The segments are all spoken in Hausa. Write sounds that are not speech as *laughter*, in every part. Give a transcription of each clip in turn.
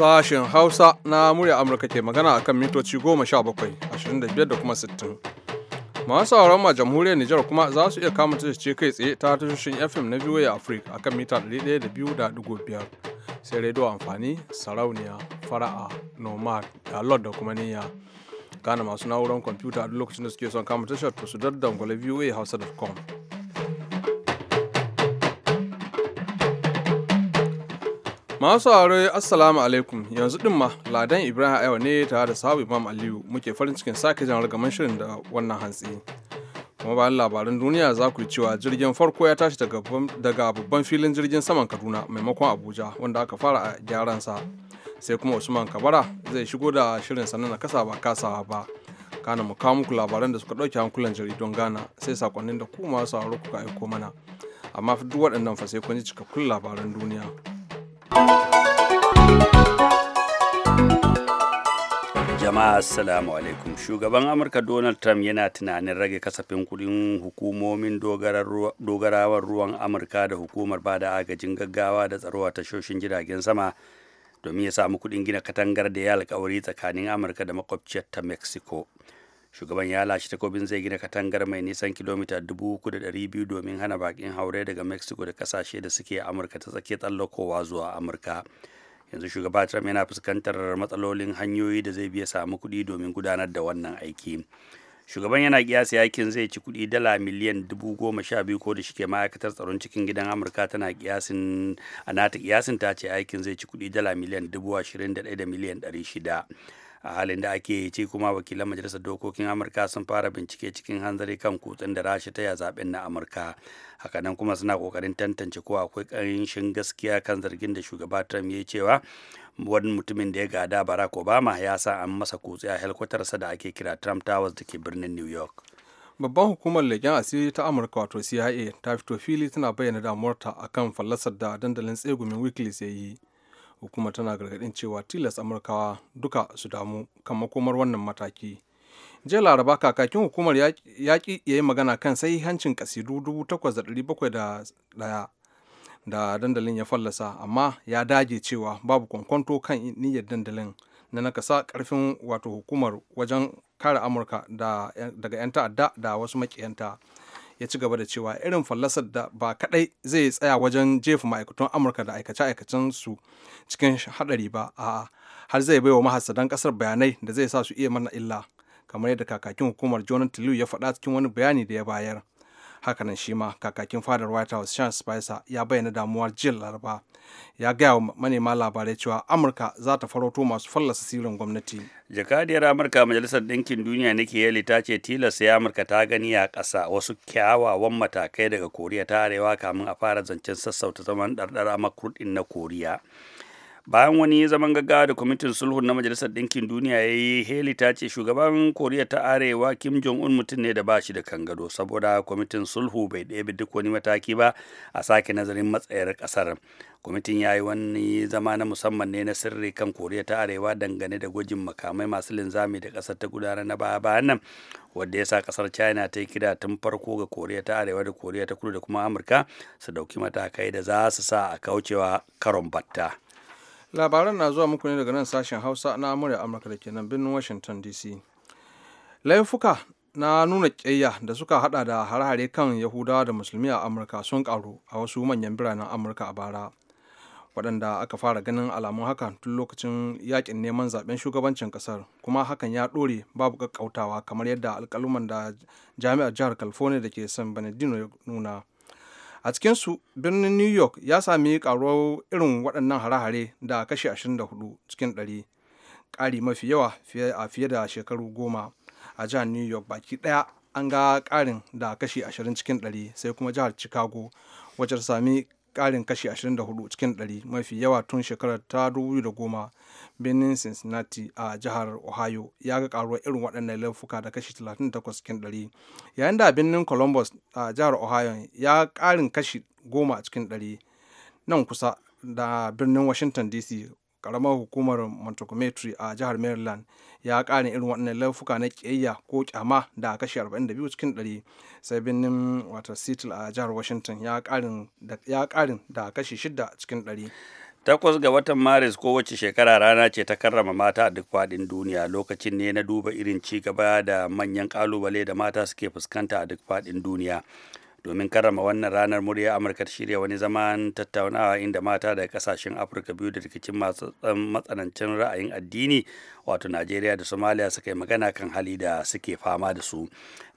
Sashen Hausa na murya Amurka ke magana akan mitoci sha 17, ashirin da da kuma sittin Masu sauran ma jamhuriyar Nijar kuma za su iya kama ce kai tsaye ta tashoshin FM na VOA Africa akan mita 102.5 sai rediyo amfani, sarauniya, fara'a, nomad, lord da kuma niyya. gana masu na'urar kwamfuta a duk lokacin da suke son kama tashar to su daddangwale voahausa.com. Masu aure assalamu alaikum yanzu din ma ladan Ibrahim Ayo ne tare da sahabu Imam Aliyu muke farin cikin sake jan rigaman shirin da wannan hantsi. Kuma bayan labaran duniya za ku yi cewa jirgin farko ya tashi daga babban filin jirgin saman Kaduna maimakon Abuja wanda aka fara a gyaran sa Sai kuma Usman Kabara zai shigo da shirin sanan na kasa ba kasawa ba. kana mu kawo muku labaran da suka ɗauke hankulan jaridun Ghana sai sakonnin da ku masu sauraro kuka aiko mana. Amma duk waɗannan fa sai kun ji cikakkun labaran duniya. jama'a assalamu alaikum shugaban amurka donald trump yana tunanin rage kasafin kudin hukumomin dogarawar ruwan amurka da hukumar bada agajin gaggawa da tsaro a tashoshin jiragen sama domin ya samu kudin gina katangar da ya alkawari tsakanin amurka da makwabciyar ta mexico shugaban ya lashe takobin zai gina katangar mai nisan kilomita 3,200 domin hana bakin haure daga mexico da kasashe da suke amurka ta tsake tsallakowa zuwa amurka yanzu shugaba trump yana fuskantar matsalolin hanyoyi da zai biya samu kuɗi domin gudanar da wannan aiki shugaban yana kiyasa yakin zai ci kuɗi dala miliyan dubu ko da shike ma'aikatar tsaron cikin gidan amurka tana kiyasin a nata kiyasin ta ce aikin zai ci kuɗi dala miliyan dubu ashirin da miliyan ɗari a halin da ake ce kuma wakilan majalisar dokokin amurka sun fara bincike cikin hanzari kan kutsen da rasha ta ya zaben na amurka hakanan kuma suna kokarin tantance ko akwai ƙanshin gaskiya kan zargin da shugaba trump ya cewa wani mutumin da ya gada barack obama ya sa an masa kutse a helkwatarsa da ake kira trump towers da ke birnin new york babban hukumar leƙen asiri ta amurka wato cia ta fito fili tana bayyana damuwarta akan fallasar da dandalin tsegumin wikileaks ya yi hukumar tana gargaɗin cewa tilas amurkawa duka su damu kan makomar wannan mataki jiya laraba kakakin hukumar yaƙi ya yi magana kan sai hancin kasidu 8,701 da dandalin ya fallasa amma ya dage cewa babu kwankwanto kan niyyar dandalin na nakasa karfin wato hukumar wajen kare amurka daga 'yan ta'adda da wasu makiyanta ya ci gaba da cewa irin fallasar da ba kadai zai tsaya wajen jefa ma'aikatan amurka da aikace-aikacen su cikin hadari ba a har zai baiwa mahasadan kasar bayanai da zai sa su iya mana illa kamar yadda kakakin hukumar jonathan liu ya faɗa cikin wani bayani da ya bayar hakanan shi ma kakakin fadar white house sean spicer ya bayyana damuwar jill laraba ya gaya wa manema labarai cewa amurka za ta farauto masu fallasa sirrin gwamnati jakadiyar amurka majalisar ɗinkin duniya nake yali ta ce tilas ya amurka ta gani a ƙasa wasu kyawawan matakai daga koriya ta arewa kamin a fara zancen sassauta zaman ɗarɗara makurɗin na koriya bayan wani zaman gaggawa da kwamitin sulhun na majalisar ɗinkin duniya ya yi heli ta ce shugaban koriya ta arewa kim jong un mutum ne da ba shi da kangado saboda kwamitin sulhu bai ɗebe duk wani mataki ba a sake nazarin matsayar ƙasar kwamitin ya yi wani zama na musamman ne na sirri kan koriya ta arewa dangane da gwajin makamai masu linzami da ƙasar ta gudanar na baya bayan nan wadda ya sa ƙasar china ta yi kira tun farko ga koriya ta arewa da koriya ta kudu da kuma amurka su ɗauki matakai da za su sa a kaucewa karon batta labaran na zuwa muku ne daga nan sashen hausa na amurya amurka da ke nan birnin washington dc laifuka na nuna ƙiyayya da suka hada da hare kan yahudawa da musulmi a amurka sun karu a wasu manyan biranen amurka a bara waɗanda aka fara ganin alamun haka tun lokacin yakin neman zaben shugabancin kasar kuma hakan ya ɗore babu kakkautawa kamar yadda alkaluman da jami'ar jihar california da ke san benedino ya nuna a cikinsu birnin new york ya sami karuwar irin waɗannan hare-hare da kashi 24 cikin 100 ƙari mafi yawa a fiye da shekaru goma a jihar new york baki ɗaya an ga ƙarin da kashi 20 cikin 100 sai kuma jihar chicago wajen sami karin kashi 24 cikin 100 mafi yawa tun shekarar ta 2010 birnin cincinnati a jihar ohio ya ga karuwar irin waɗannan laifuka da kashi 38 cikin 100 yayin da birnin columbus a jihar ohio ya karin kashi 10 cikin 100 nan kusa da birnin washington dc karamar hukumar montgomery a jihar maryland ya kare irin waɗannan laifuka na ƙiyayya ko kyama da kashi 42 cikin 100 sai birnin wata seattle a jihar washington ya ƙarin da kashi 6 cikin 100 Takwas ga watan Maris kowace shekara rana ce ta karrama mata a duk faɗin duniya lokacin ne na duba irin ci gaba da manyan ƙalubale da mata suke fuskanta a duk faɗin duniya. domin karrama wannan ranar murya amurka ta shirya wani zaman tattaunawa inda mata daga kasashen afirka biyu da rikicin eh, matsanancin ra'ayin addini wato najeriya da somaliya suka yi magana kan hali da suke fama da su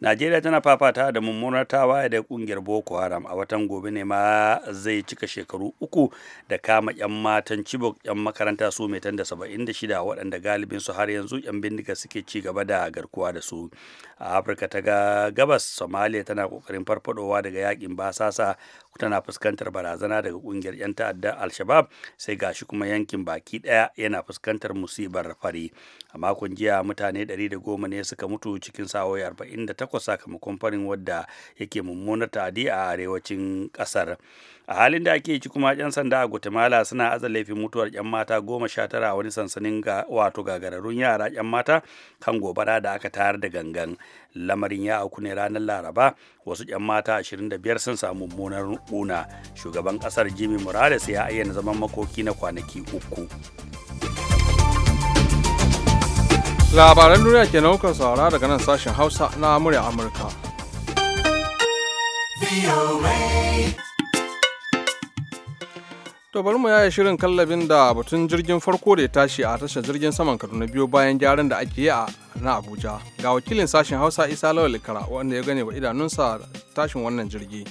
najeriya tana fafata da mummunar tawaye da kungiyar boko haram a watan gobe ne ma zai cika shekaru uku da kama yan matan chibok yan makaranta su mai tanda saba'in da shida waɗanda galibin su har yanzu yan bindiga suke ci gaba da garkuwa da su a afirka ta gabas somaliya tana kokarin farfadowa daga yakin basasa tana fuskantar barazana daga kungiyar 'yan ta'adda al-shabab sai gashi kuma yankin baki daya yana fuskantar musibar fari a makon jiya mutane 110 ne suka mutu cikin sa'o'i 48 sakamakon farin wadda yake mummunar ta'adi a arewacin kasar a halin da ake ci kuma 'yan sanda a guatemala suna aza laifin mutuwar 'yan mata goma sha tara a wani sansanin ga wato gagararrun yara 'yan mata kan gobara da aka tayar da gangan lamarin ya auku ne ranar laraba wasu 'yan mata 25 sun samu mummunar una shugaban kasar jimmy morales ya ayyana zaman makoki na kwanaki uku labaran duniya ke nauka saurara daga nan sashen hausa na murya amurka to bari mu yaya shirin kallabin da batun jirgin farko da ya tashi a tashar jirgin saman kaduna biyu bayan gyaran da ake yi a na abuja ga wakilin sashen hausa isa lawal kara wanda ya gane wa idanunsa tashin wannan jirgi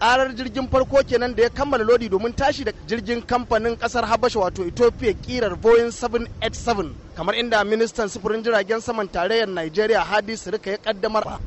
karar jirgin farko kenan da ya kammala lodi domin tashi da jirgin kamfanin kasar habasha wato ethiopia kirar boeing 787 kamar inda ministan sufurin jiragen saman tarayyar nigeria hadi sirika ya kaddamar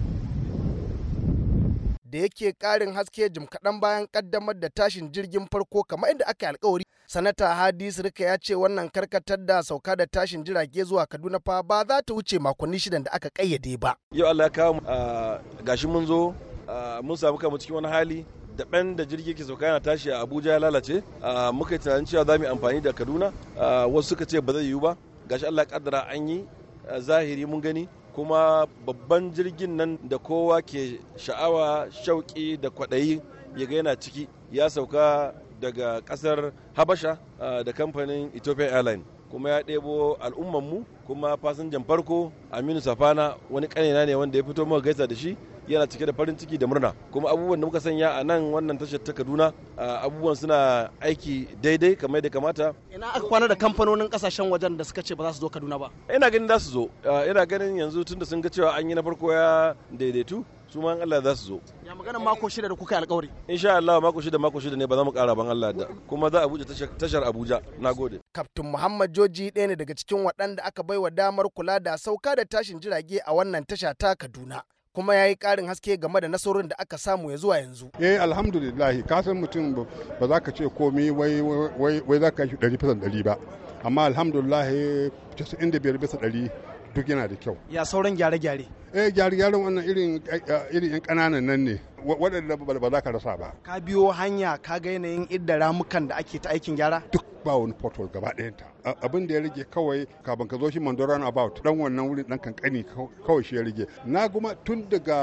da yake karin haske jim kaɗan bayan kaddamar da tashin jirgin farko kamar inda aka yi alkawari sanata hadi sirika ya ce wannan karkatar da sauka da tashin jirage zuwa kaduna fa ba za ta wuce makonni shidan da aka kayyade ba yau allah ya kawo ah, gashi mun zo ah, mun samu kama cikin wani hali da da jirgi ke sauka yana tashi a abuja ya lalace ah, muka yi tunanin cewa za mu yi amfani da kaduna ah, wasu suka ce ba zai yiwu ba gashi allah kadara an yi ah, zahiri mun gani kuma babban jirgin nan da kowa ke sha'awa shauki da kwaɗayi ya ga yana ciki ya sauka daga ƙasar habasha da kamfanin ethiopia airline kuma ya ɗebo al'ummanmu kuma fasinjan farko aminu safana wani ƙanina ne wanda ya fito muka gaisa da shi yana cike da farin ciki da murna kuma abubuwan da muka sanya a nan wannan tashar ta kaduna abubuwan suna aiki daidai kamar da kamata ina aka kwana da kamfanonin kasashen wajen da suka ce ba za su zo kaduna ba ina ganin za su zo ina ganin yanzu tunda sun ga cewa an yi na farko ya daidaitu su ma Allah za su zo. Ya magana mako shida da kuka alƙawari Insha Allah mako shida mako shida ne ba za mu kara ban Allah da kuma za a buɗe tashar Abuja. Nagode. Kaftin Muhammad Joji ɗaya ne daga cikin waɗanda aka baiwa damar kula da sauka da tashin jirage a wannan tasha ta Kaduna. kuma ya yi ƙarin haske game da nasarorin da aka samu ya zuwa yanzu. Eh alhamdulillah kasan mutum ba za ka ce komai wai za ka yi ɗari ba amma alhamdulillah 95 biyar bisa ɗari duk yana da kyau. Ya sauran gyare-gyare. Eh gyare-gyaren wannan irin eh, irin yan ƙananan nan ne waɗanda ba za ka rasa ba. Ka biyo hanya ka ga yanayin idda ramukan da ake ta aikin gyara? Duk ba wani portal gaba ɗayanta. abin da ya rage kawai kafin ka zo shi mandoran about dan wannan wurin dan kankani kawai shi ya rage na kuma tun daga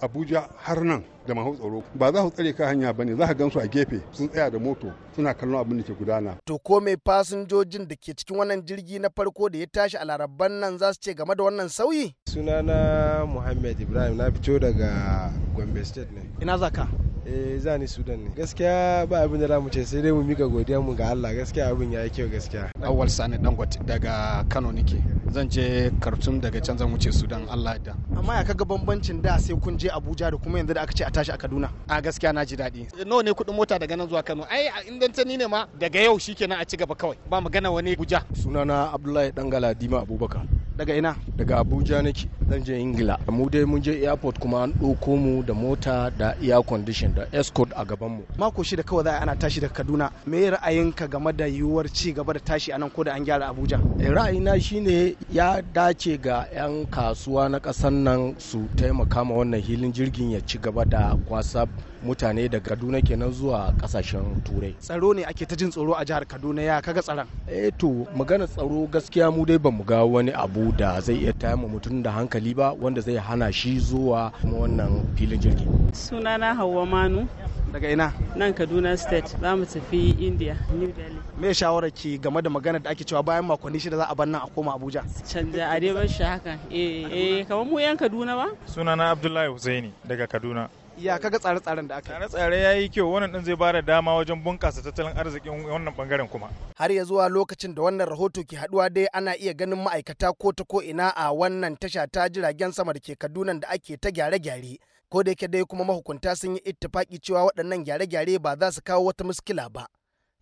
abuja har nan da mahu tsaro ba za su tsare ka hanya bane za ka gan su a gefe sun tsaya da moto suna kallon abin da ke gudana to ko me fasinjojin da ke cikin wannan jirgi na farko da ya tashi a laraban nan za su ce game da wannan sauyi sunana muhammad ibrahim na fito daga gombe state ne ina zaka eh za ni sudan ne gaskiya ba abin da za mu ce sai dai mu mika godiya mu ga Allah gaskiya abin ya yi kyau gaskiya sani Sani Dangote daga Kano nake. Zan je Khartoum daga can zan wuce Sudan Allah da. Amma ya kaga bambancin da sai kun je Abuja da kuma yanzu da aka ce a tashi a Kaduna. A gaskiya na ji daɗi. Nawa ne kuɗin mota daga nan zuwa Kano? Ai indanta ni ne ma daga yau shikenan a ci gaba kawai. Ba magana wani Abuja. Sunana Abdullahi Dangala Dima Abubakar. Daga ina? Daga Abuja nake. zan je ingila mu dai mun je airport kuma an ɗauko mu da mota da air condition da escort a gaban mu mako shi da kawai za ana tashi daga kaduna me ra'ayin ka game da yiwuwar ci gaba da tashi anan ko da an gyara abuja eh, ra'ayina shine ya dace ga 'yan kasuwa na ƙasar nan su taimaka ma wannan hilin jirgin ya ci gaba da kwasa mutane da kaduna kenan zuwa kasashen turai tsaro ne ake ta jin tsoro a jihar kaduna ya kaga tsaron eh to magana tsaro gaskiya mu dai bamu ga wani abu da zai iya tayar mutum da hankali hankali ba wanda zai hana shi zuwa wannan filin jirgi sunana hauwa manu daga ina nan kaduna state za mu tafi india new delhi me shawarar ki game da maganar da ake cewa bayan makonni shida za a bar nan a koma abuja canja a dai shi haka eh eh kamar mu yan kaduna ba sunana abdullahi husaini daga kaduna ya kaga tsare-tsaren da aka yi tsare-tsare ya yi kyau wannan din zai bada dama wajen bunkasa tattalin arzikin wannan bangaren kuma har ya zuwa lokacin da wannan rahoto ke haduwa dai ana iya ganin ma'aikata ko ta ko ina a wannan tasha ta jiragen sama da ke kaduna da ake ta gyare-gyare ko da yake dai kuma mahukunta sun yi ittifaki cewa waɗannan gyare-gyare ba za su kawo wata muskila ba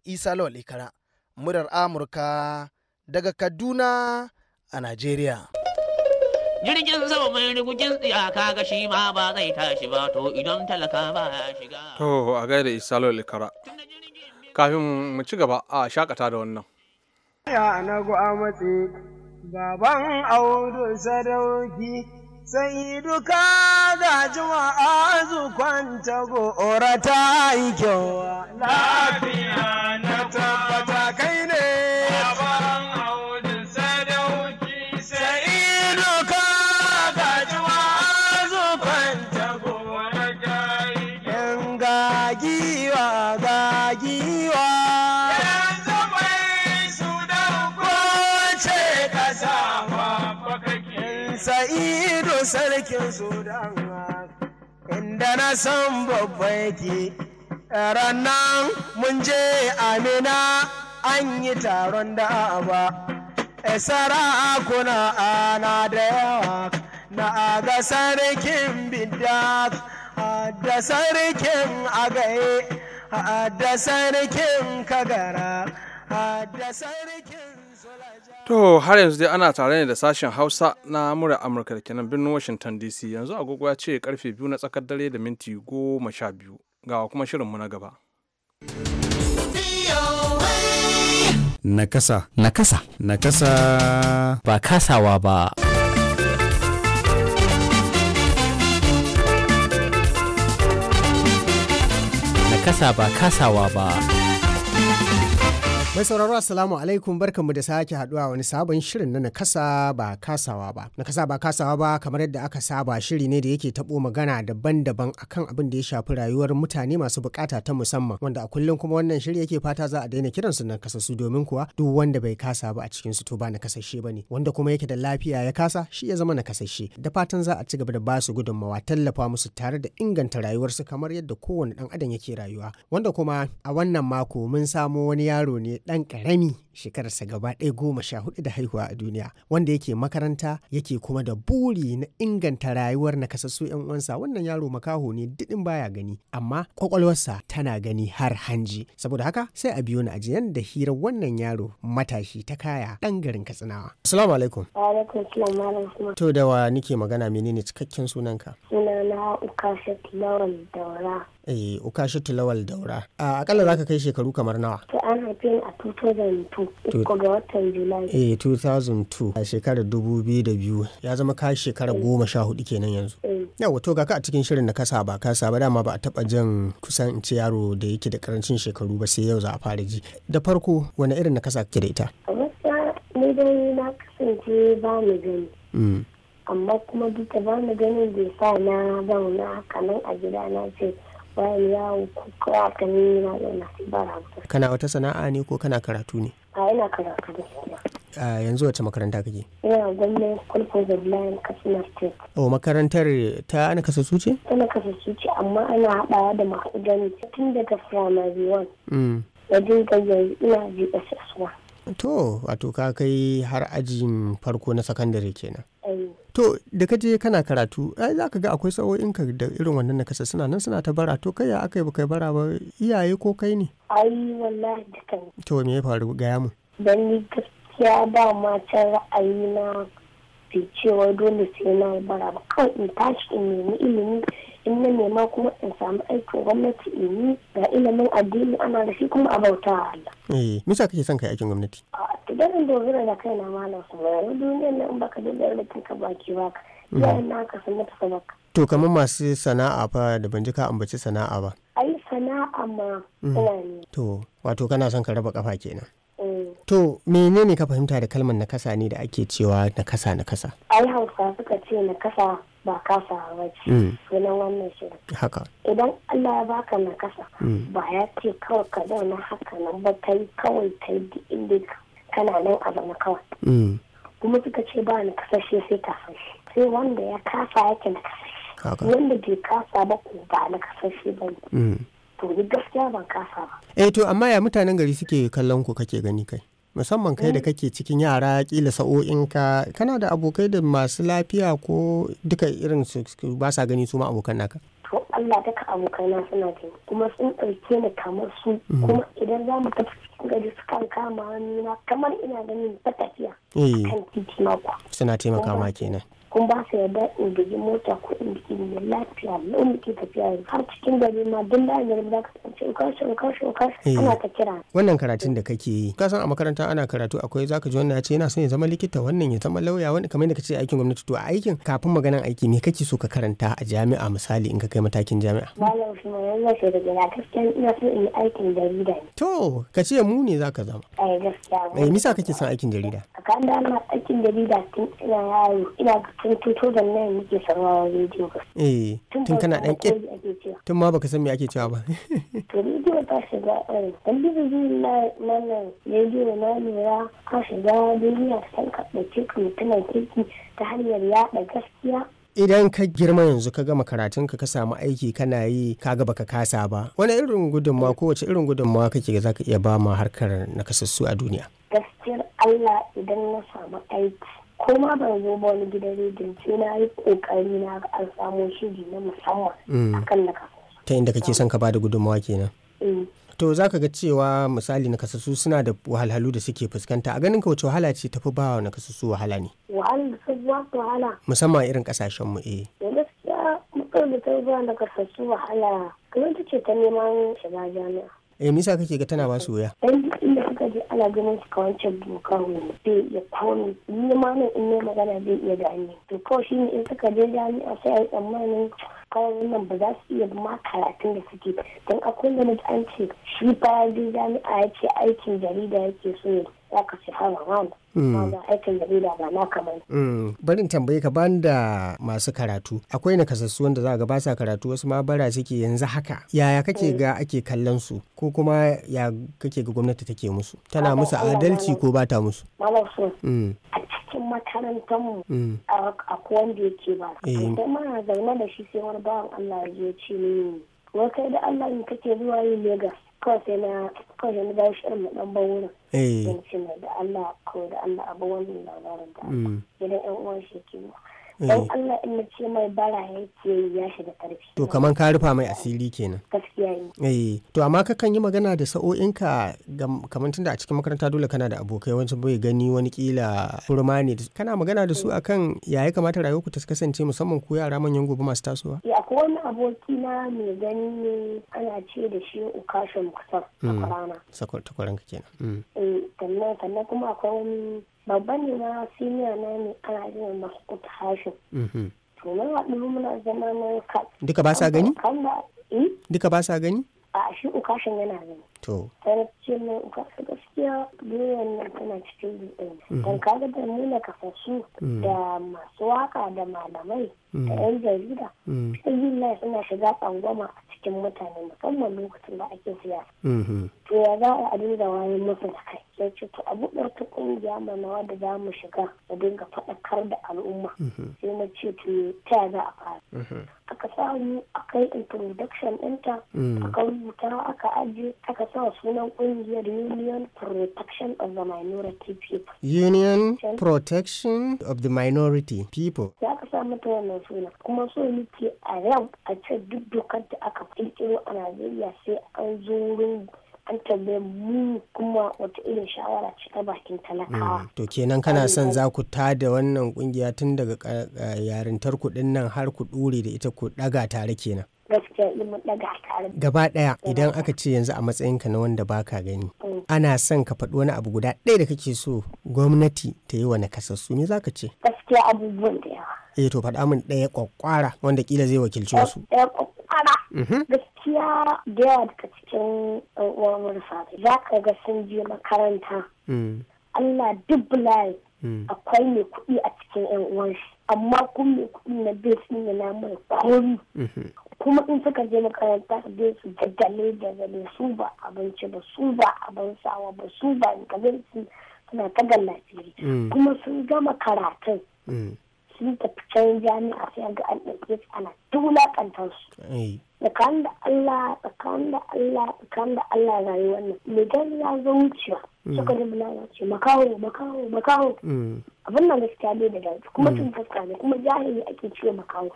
isa lawal ikara murar amurka daga kaduna a najeriya jirgin sama mai rigugin tsiyaka ga shi ma ba zai tashi ba to idan talaka ba shiga. To a gaida Isalo Likara. Kafin mu ci gaba a shakata da wannan. Ya na gwamnati baban audu sadauki sai duka ga jima'a zu kwanta go ta yi kyau. Lafiya na tabbata. sarkin sudan inda na san babba yake ranar mun je amina an yi taron da'awa eh, sarakuna ana da yawa na ga sarkin bidda da sarkin agaye da sarkin kagara da sarkin To har yanzu dai ana tare ne da sashen Hausa na mura Amurka da kenan birnin Washington DC yanzu agogo ya ce karfe biyu na tsakar dare da minti goma sha biyu ga kuma shirin mu na gaba. Nakasa. Nakasa. Nakasa. Ba kasawa ba. Nakasa ba kasawa ba. Mai sauraro Assalamu alaikum barkanmu da sake haduwa wani sabon shirin na nakasa ba kasawa ba. Nakasa ba kasawa ba kamar yadda aka saba shiri ne da yake tabo magana daban-daban akan abin da ya shafi rayuwar mutane masu bukata ta musamman wanda a kullum kuma wannan shiri yake fata za a daina kiransu na su domin kuwa duk wanda bai kasa ba a cikin su to ba na ba bane wanda kuma yake da lafiya ya kasa shi ya zama na kasashe. da fatan za a ci gaba da ba su gudunmawa tallafa musu tare da inganta rayuwarsu kamar yadda kowane dan adam yake rayuwa wanda kuma a wannan mako mun samo wani yaro ne ɗan ƙarami shekararsa gaba ɗaya goma sha hudu da haihuwa a duniya wanda yake makaranta yake kuma da buri na inganta rayuwar nakasassu yan uwansa wannan yaro makaho ne didin baya gani amma kwakwalwarsa tana gani har hanji saboda haka sai a biyo ni aji jiyan da hirar wannan yaro matashi ta kaya ɗan garin katsinawa assalamu alaikum to da wa nike magana menene cikakken sunanka sunana uka shatilawan daura eh ukashi tilawal daura a akalla zaka kai shekaru kamar nawa ta an haife a 2002 uku ga watan july eh 2002 a shekarar 2002 ya zama ka shekara eh. goma sha hudu kenan yanzu na eh. wato ga ka a cikin shirin da ka ba kasa ba dama ba a taba jan kusan in ce yaro da yake da karancin shekaru ba sai yau za a fara ji da farko wani irin na kasa ke da ita a ni dai na kasance ba mu gani mm. amma kuma duka ba mu ganin bai sa na zauna kamar a gida na ce bayan yawo ko kawata ni na zauna ba na kana wata sana'a ne ko kana karatu ne a ina karatu da a yanzu wace makaranta kake ina gwamnan kulfin zabilayen katsina state o makarantar ta ana kasassu ce ana kasassu ce amma ana haɗawa da masu gani tun daga primary one Ya mm. dinga yanzu ina gss one to wato ka kai har ajin farko na sakandare kenan to da ka je kana karatu ai za ka ga akwai sa'o'in ka da irin wannan kasa suna nan suna ta bara to kai ya aka yi baka bara ba iyaye ko kai ne ai wallahi to me ya faru gaya mu dan ni gaskiya ba ma ta ra'ayi na bai cewa dole sai na bara ba kawai in tashi in nemi ilimi in na nema kuma in samu aikin gwamnati in yi ga ilimin addini ana da shi kuma a bauta wa Allah. Eh, Misa kake son kai aikin gwamnati? Tudarin dogara da kai na malam su bayan duniyar nan baka da rarrakin ka baki mhm. baka. Yayin na ka sanar ta sabaka. To kamar masu sana'a fa da ban ji ka ambaci sana'a ba. Ai sana'a ma mhm. ina ne. To wato kana son ka raba kafa kenan. Eh. To menene ka fahimta da kalmar na kasa ne da ake cewa na kasa na kasa? Ai hausa suka ce na kasa ba kasa ba ce mm. sunan wannan shirin haka idan Allah ya baka na kasa mm. ba ya ce kawai ka zauna haka nan ba yi kawai yi duk inda kana nan a zama kawai mm. kuma suka ce ba na shi sai shi sai wanda ya kasa yake na kasashe wanda bai kasa ba ko ba na shi ba ne to gaskiya ban kasa ba eh to amma ya mutanen gari suke kallon ku kake gani kai musamman kai da eh. kake cikin yara kila sa'o'inka kana da abokai da masu lafiya ko duka irin su ba sa gani su ma abokan naka to Allah abokai abokaina suna gani kuma sun ɗauke ni kamar su mm. kuma idan za mu tafi cikin gari su kan kama na kamar ina ganin ta tafiya eh. kan titi ma suna taimaka ma kenan kun ba su yarda in bugi mota ko in bugi ne lafiya lau muke tafiya ne. har cikin gari ma duk da yanzu za ka tsanci in kashi in kashi in eh. ana ta kira. wannan karatun da kake yi ka san a makaranta ana karatu akwai zaka ji wannan ya ce yana son ya zama likita wannan ya zama lauya wani kamar yadda kace aikin gwamnati to a aikin kafin maganan aiki me kake so ka karanta a jami'a misali in ka kai matakin jami'a. malam ma yana so da gina gaskiya ina so in yi aikin jarida. to ka ce mu ne zaka zama. eh gaskiya. eh misa kake son aikin jarida. a kan da aikin jarida tun ina yaro ina tun nan muke sauraron rediyo eh tun kana ɗan tun ma baka san me ake cewa ba *laughs* to rediyo ta shiga ɗan eh, dan na nan rediyo na lura ka shiga duniya san ka ɗauki mutumin kirki ta hanyar yaɗa gaskiya idan ka girma yanzu ka gama karatun ka samu aiki kana yi ka gaba ka kasa ba wani irin gudunmawa kowace irin gudunmawa kake za ka iya ba ma harkar nakasassu a duniya gaskiyar allah idan na samu aiki Koma ma ban zo ba wani gidan rediyo sai na yi kokari na an samu shiri na musamman mm. akan na ta inda kake son ka bada gudunmawa kenan mm. to za ka ga cewa misali nakasassu suna da wahalhalu da suke fuskanta a ganin ka wace wahala ce tafi ba wa nakasassu wahala ne wahala da sun ba su wahala musamman irin kasashen mu eh da gaskiya matsalar da ta ba nakasassu wahala kamar ta ce ta neman shiga jami'a eh misa kake ga tana ba su wuya inda suka je ana ganin su kawai can buka wani zai iya komi ni ma nan in ne magana zai iya gane to kawai shi ne in suka je jami'a sai a yi tsammanin kawai nan ba za su iya ma karatun da suke don akwai wani an ce shi bayan jami'a ya ce aikin jarida yake so ya ka shahara wani Mm. ba aikin ba na mm. barin tambaye ka ban da masu karatu akwai kasassu wanda za ga basa karatu wasu ma bara suke yanzu haka yaya kake mm. ga ake kallon su ko kuma ya kake ga gwamnati take musu tana musu adalci ko ba ta musu. a cikin makarantar mu a wanda yake ba. Eh. zaune da shi sai wani bawan Allah ya ce ni wai kai da Allah in kake zuwa yin Legas kawai sai na kawai yanzu ga shirin mu dan ban wurin eh da Allah kawai da Allah abu wannan labarin da Allah mm. gidan yan uwan shi kenan Eh. dan Allah in ce mai bara yake ya shiga karfi to kamar ka rufa mai asiri kenan gaskiya ne eh to amma kakan yi magana da sa'o'inka kaman tunda a cikin makaranta dole kana da abokai wancan bai gani wani kila kurma ne kana magana da su akan ya kamata ku ta kasance musamman ku yara manyan gobe masu tasowa ya eh, ko wani aboki na mai gani ne ana ce da shi ukashin kusa mm. a kwarana sakwartakwaran ka kenan mm. eh, sannan sannan kuma akwai wani babban ne na siniya na ne ana jin masu hashim mhm. to mun haɗu muna zama na duka ba sa gani eh? duka ba sa gani a shi ukashin yana gani to sai ce mai uka gaskiya duniyar nan tana cikin buɗe mhm. don kaga da nuna kasashe mhm. da masu waka da malamai da yan mhm. jarida billahi suna shiga tsangwama a cikin mutane musamman lokacin da ake siyasa to ya za a dinga wayan musu da kai sai ce to a buɗar ta ƙungiya manawa da za mu shiga da dinga faɗakar da al'umma sai na ce to ta za a fara aka samu aka introduction ɗinta aka rubuta aka ajiye aka sunan ƙungiyar Union Protection of the Minority People. Union Protection of the Minority People. Ya ka sa mata wannan suna kuma so muke a yau a ce duk dokar da aka kirkiro a Najeriya sai an zo wurin an tambaye mu kuma wata irin shawara ce ta bakin talakawa. Mm. To kenan kana son za ku da wannan kungiya tun daga eh, yarintar kuɗin nan har ku ɗure da ita ku ɗaga tare kenan. gaskiya in daga tare gaba ɗaya idan aka ce yanzu a matsayinka na wanda baka gani mm. ana son ka faɗi wani abu guda ɗaya da kake so gwamnati ta yi wa nakasassu ne zaka ce gaskiya abubuwan da yawa eh to faɗa min ɗaya kwakwara wanda kila zai wakilci wasu ɗaya kwakwara mhm. gaskiya da yawa daga cikin uwan murfa za ka ga sun je makaranta mm. Allah dubbulaye mm. akwai mai kuɗi a cikin 'yan uwan shi amma kun mai kuɗi na bai sun yana mai kori mhm. kuma in suka je makaranta su su daddale da zane su ba abinci ba su ba abin sawa ba su ba kamar su suna ta gallafi mm. kuma sun gama karatun mm. sun tafi can jami'a sai ga an su ana ta su tsakanin da Allah tsakanin da Allah tsakanin da Allah rayuwar nan idan ya zo wucewa mm. suka ji mulawa ce makaho makaho makaho mm. abin nan gaskiya ne da daɗi kuma mm. tun fuska ne kuma jahili ake ce makaho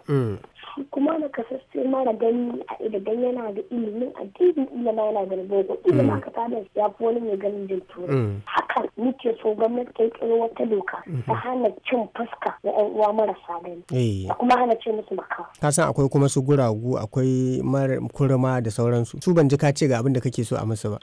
kuma na kasance mara gani a idan yana da ilimin addini ilima yana da bogo ilima ka tada ya fi wani mai ganin jin turai muke so gwamnati ta yi tsoro wata doka ta mhm. hana cin fuska na 'yan uwa marasa gani eh. da kuma hana ce musu maka ka san akwai kuma su guragu akwai kurma da sauransu su ban ji ka ce ga abin da kake so a musu ba.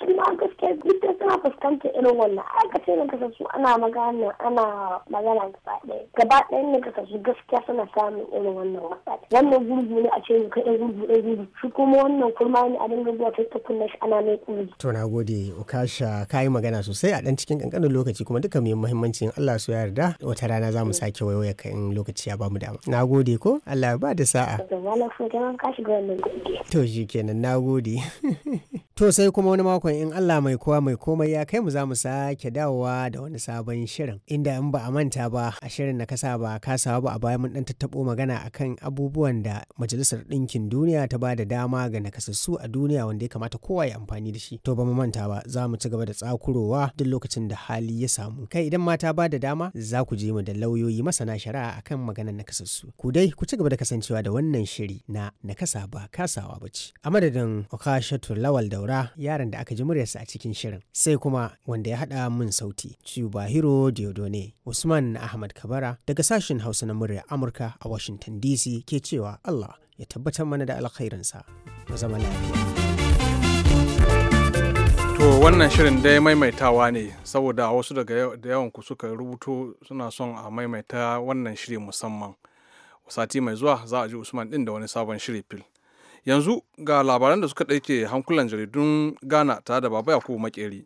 irin wannan aka ce na kasassu ana magana ana magana gaba ɗaya gaba ɗayan na kasassu gaskiya suna samun irin wannan matsala wannan gurgu ne a ce ka ɗan gurgu ɗan gurgu shi kuma wannan kurma ne a dinga zuwa ta kunna shi ana mai kuri. to na gode ukasha ka yi magana sosai a ɗan cikin ƙanƙanin lokaci kuma duka mai in allah su yarda wata rana za mu sake waiwaya ka in lokaci ya ba mu dama na gode ko allah ya ba da sa'a. to shi kenan na gode. *laughs* To sai kuma wani makon in Allah mai kowa mai komai ya kai mu za mu sake dawowa da wani sabon shirin inda in ba a manta ba a shirin na kasa ba kasawa ba a baya mun dan tattabo magana akan abubuwan da majalisar ɗinkin duniya ta ba da dama ga nakasassu a duniya wanda ya kamata kowa ya amfani da shi to ba mu manta ba za mu ci gaba da tsakurowa duk lokacin da hali ya samu kai idan ma ta ba da dama za ku je mu da lauyoyi masana shari'a akan maganar nakasassu ku dai ku ci gaba da kasancewa da wannan shiri na nakasa ba kasawa ba ce a madadin Lawal da Daura yaran da aka ji muryarsa a cikin shirin. Sai kuma wanda ya haɗa mun sauti Bahiro Diodone Usman Ahmad Kabara daga sashen Hausa na muryar Amurka a Washington DC ke cewa Allah ya tabbatar mana da alkhairinsa. Mu zama lafiya. To wannan shirin dai maimaitawa ne saboda wasu daga da yawan ku suka rubuto suna son a maimaita wannan shiri musamman. Sati mai zuwa za a ji Usman ɗin da wani sabon shiri fil. Yanzu ga labaran da suka ɗauke hankulan jaridun Ghana tare da Baba Yakubu Makeri.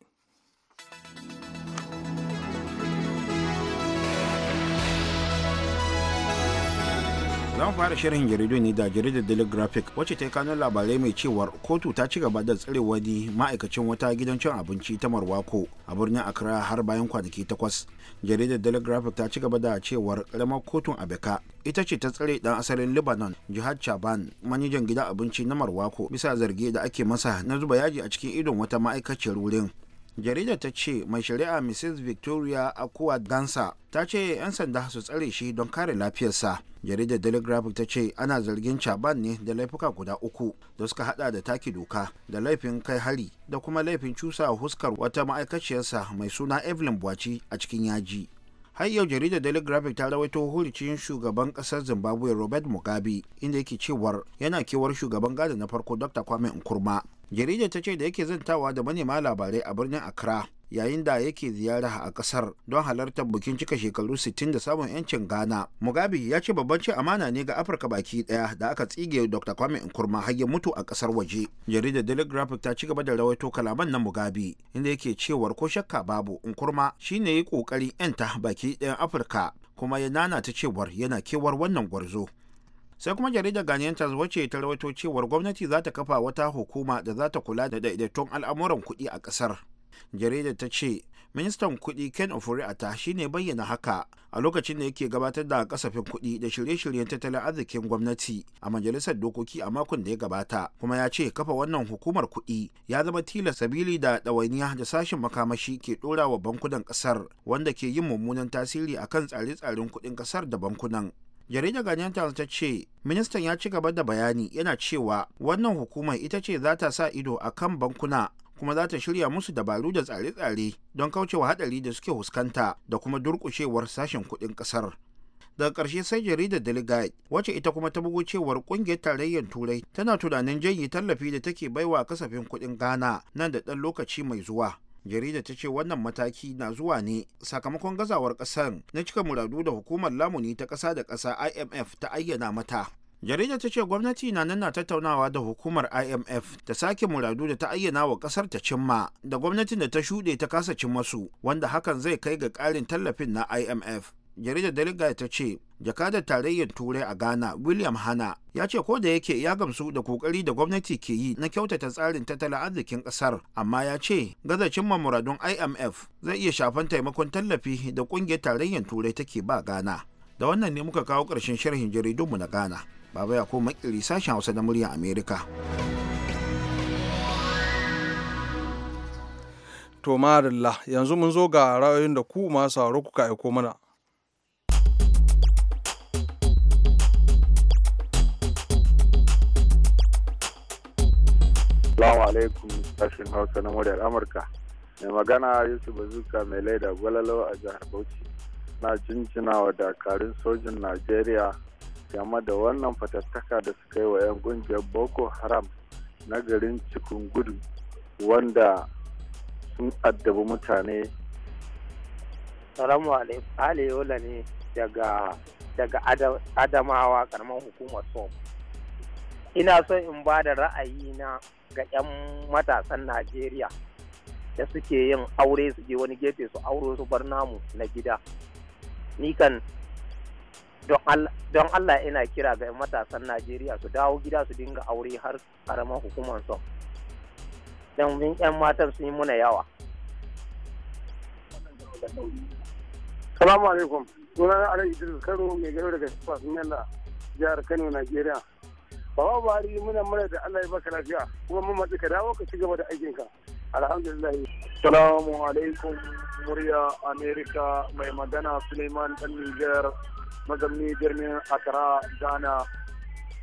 zan fara shirin jaridu ne da jaridar daily graphic wacce ta kanun labarai mai cewar kotu ta ci gaba da tsare wani ma'aikacin wata gidan cin abinci ta marwako a birnin accra har bayan kwanaki takwas jaridar daily graphic ta ci gaba da cewar karamar kotun abeka ita ce ta tsare dan asalin lebanon jihar chaban manajan gidan abinci na marwako bisa zargi da ake masa na zuba yaji a cikin idon wata ma'aikaciyar wurin jaridar ta ce mai shari'a mrs victoria akuwa gansa ta ce 'yan sanda su tsare shi don kare lafiyarsa jaridar daily graphic ta ce ana zargin caban ne da laifuka guda uku da suka hada da taki doka da laifin kai hari da kuma laifin cusa huskar wata ma'aikaciyarsa mai suna evelyn buwaci a cikin yaji har yau jaridar daily graphic ta rawaito hulicin shugaban kasar zimbabwe robert mugabe inda yake cewar yana kewar shugaban gada na farko dr kwame nkurma jaridar ta ce da yake zantawa da manema labarai a birnin accra yayin da yake ziyara a kasar don halartar bikin cika shekaru 60 da samun yancin ghana mugabe ya ce babban ci amana ne ga afirka baki daya da aka tsige dr kwame nkrumah har ya mutu a kasar waje jaridar daily ta ci gaba da rawaito kalaman na mugabe inda yake cewar ko shakka babu nkrumah shine ya kokari yanta baki dayan afirka kuma ya nana ta cewar yana kewar wannan gwarzo sai kuma jaridar ganiyan tazwace ta rawaito cewar gwamnati za ta kafa wata hukuma da za ta kula da daidaiton al'amuran kuɗi a ƙasar. Jaridar ta ce ministan kuɗi Ken Ofori-Atta shi ne bayyana haka a lokacin da yake gabatar da kasafin kuɗi da shirye-shiryen tattalin arzikin gwamnati a majalisar dokoki a makon da ya gabata kuma ya ce kafa wannan hukumar kuɗi ya zama tilas sabili da ɗawainiya da sashen makamashi ke ɗora wa bankunan ƙasar wanda ke yin mummunan tasiri akan tsare-tsaren kuɗin ƙasar da bankunan. jaridar Guardian Times ta ce ministan ya ci gaba da bayani yana cewa wannan hukumar ita ce za ta sa ido a kan bankuna kuma za ta shirya musu dabaru da tsare-tsare don kaucewa hadari da suke huskanta da kuma durkushewar sashen kudin kasar. daga ƙarshe sai jaridar delegate wacce ita kuma ta bugo cewar ƙungiyar tarayyar turai tana tunanin janye tallafi da take baiwa kasafin kuɗin ghana nan da ɗan lokaci mai zuwa jarida ta ce wannan mataki na zuwa ne sakamakon gazawar kasar na cika muradu da hukumar lamuni ta kasa da kasa imf ta ayyana mata jarida ta ce gwamnati na nan na tattaunawa da hukumar imf ta sake muradu da ta ayyana wa kasar ta cimma da gwamnatin da ta shuɗe ta kasa cimma su wanda hakan zai kai ga ƙarin tallafin na imf jaridar daily ta ce jakadar tarayyar turai a ghana william hanna ya ce ko da yake ya gamsu da kokari da gwamnati ke yi na kyautata tsarin tattalin arzikin kasar amma ya ce gaza cimma muradun imf zai iya shafan taimakon tallafi da kungiyar tarayyar turai take ba ghana da wannan ne muka kawo ƙarshen sharhin jaridun mu na ghana baba ya ko makiri sashen hausa na muryar america to yanzu mun zo ga ra'ayoyin da ku masu sauraro kuka aiko mana Salamu alaikum sashen Hausa na muryar Amurka. Mai magana Yusuf Bazuka mai laida gwalalo a jihar Bauchi. Na jinjina wa dakarun sojin Najeriya game da wannan fatattaka da suka yi wa 'yan kungiyar Boko Haram na garin cikin gudu wanda sun addabi mutane. Salamu alaikum. Aliyola ne daga daga Adamawa karamar hukumar so Ina so in ba da ra'ayi na ga 'yan matasan najeriya da suke yin aure su je wani gefe su aure su bar namu na gida ni kan don allah ina kira ga yan matasan najeriya su dawo gida su dinga aure har karamar hukumar son don 'yan matan sun yi muna yawa salamu alaikum sunana alai idris karo mai gano daga sunan jihar kano najeriya Baba Buhari muna muna da Allah ya baka lafiya kuma mun matsi ka dawo ka ci gaba da ka Alhamdulillah. Salamu alaikum murya america mai magana Suleiman dan Niger mazamni birnin Accra Ghana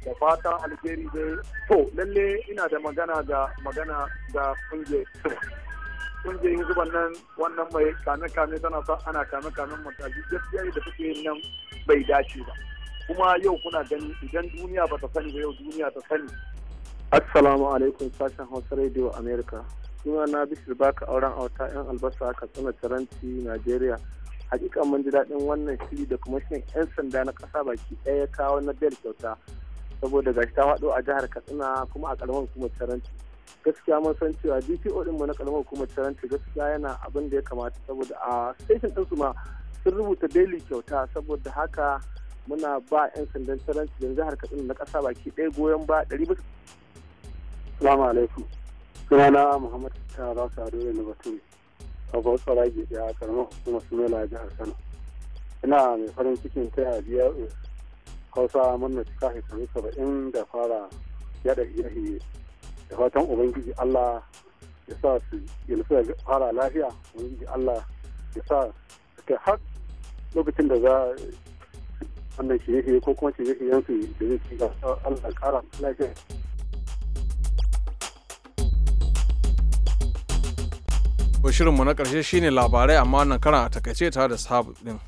da fata alheri dai to lalle ina da magana da magana da kunje kungiyoyin zuban nan wannan mai kame kame tana sa ana kame kamen mutane gaskiya da take nan bai dace ba kuma yau kuna gani idan duniya ba ta sani ba yau duniya ta sani assalamu alaikum sashen hausa radio america suna na bishir baka auren auta yan albasa katsina taranti nigeria hakika mun ji daɗin wannan shiri da kuma shin yan sanda na ƙasa baki ɗaya kawo na biyar kyauta saboda gashi ta faɗo a jihar katsina kuma a ƙaramar hukumar taranti gaskiya mun san cewa dpo ɗinmu na kalmar hukumar taranti gaskiya yana abin da ya kamata saboda a station ɗinsu ma sun rubuta daily kyauta saboda haka muna ba 'yan sandan taranci yanzu jihar katsina na ƙasa baki ɗaya goyon ba ɗari bisa. salamu alaikum sunana muhammad tara sado da baturi a bauta rage da karamar hukumar sumela jihar kano ina mai farin cikin taya biyar hausa murna cika shekaru saba'in da fara yada iya da fatan ubangiji allah ya sa su yanzu da fara lafiya ubangiji allah ya sa su kai har lokacin da za wannan shirye-shirye ko kuma shirye-shiryen su da zai ci ga Allah kara lafiya To shirinmu na ƙarshe shine labarai amma wannan karan a takaice tare da sahabu din.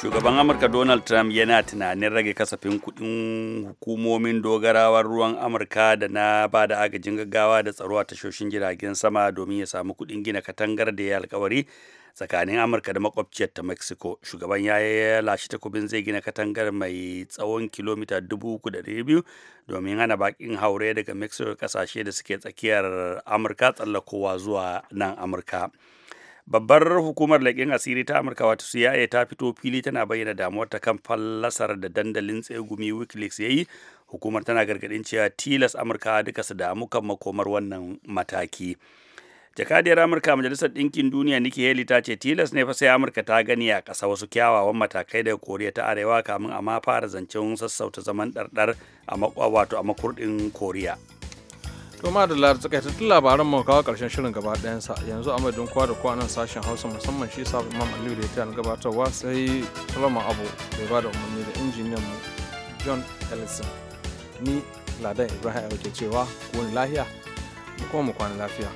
Shugaban Amurka Donald Trump yana tunanin rage kasafin kuɗin hukumomin dogarawar ruwan Amurka da na ba da agajin gaggawa da tsaro a tashoshin jiragen sama domin ya samu kuɗin gina katangar da ya alkawari tsakanin amurka da makwabciyar ta mexico shugaban ya lashe takobin zai gina katangar mai tsawon kilomita 3,200 domin hana bakin haure daga mexico kasashe da suke tsakiyar amurka tsallakowa zuwa nan amurka babbar hukumar laƙin asiri ta amurka wata wato cia ta fito fili tana bayyana damuwar ta kan fallasar da dandalin tsegumi wikileaks ya yi hukumar tana gargaɗin cewa tilas amurka duka su damu kan makomar wannan mataki jakadiyar amurka majalisar ɗinkin duniya nikki haley ta ce tilas ne fa sai amurka ta gani a ƙasa wasu kyawawan matakai da koriya ta arewa kamun a ma fara zancen sassauta zaman ɗarɗar a wato a makurɗin koriya to ma da takaitattun labaran mu kawo karshen shirin gaba ɗayansa yanzu a madadin kowa da kowa nan sashen hausa musamman shi sabon imam aliyu da ya tayar gabatarwa sai salama abu bai ba da umarni da injiniyan mu john ellison ni ladan ibrahim ke cewa ku wani lafiya mu kuma mu kwana lafiya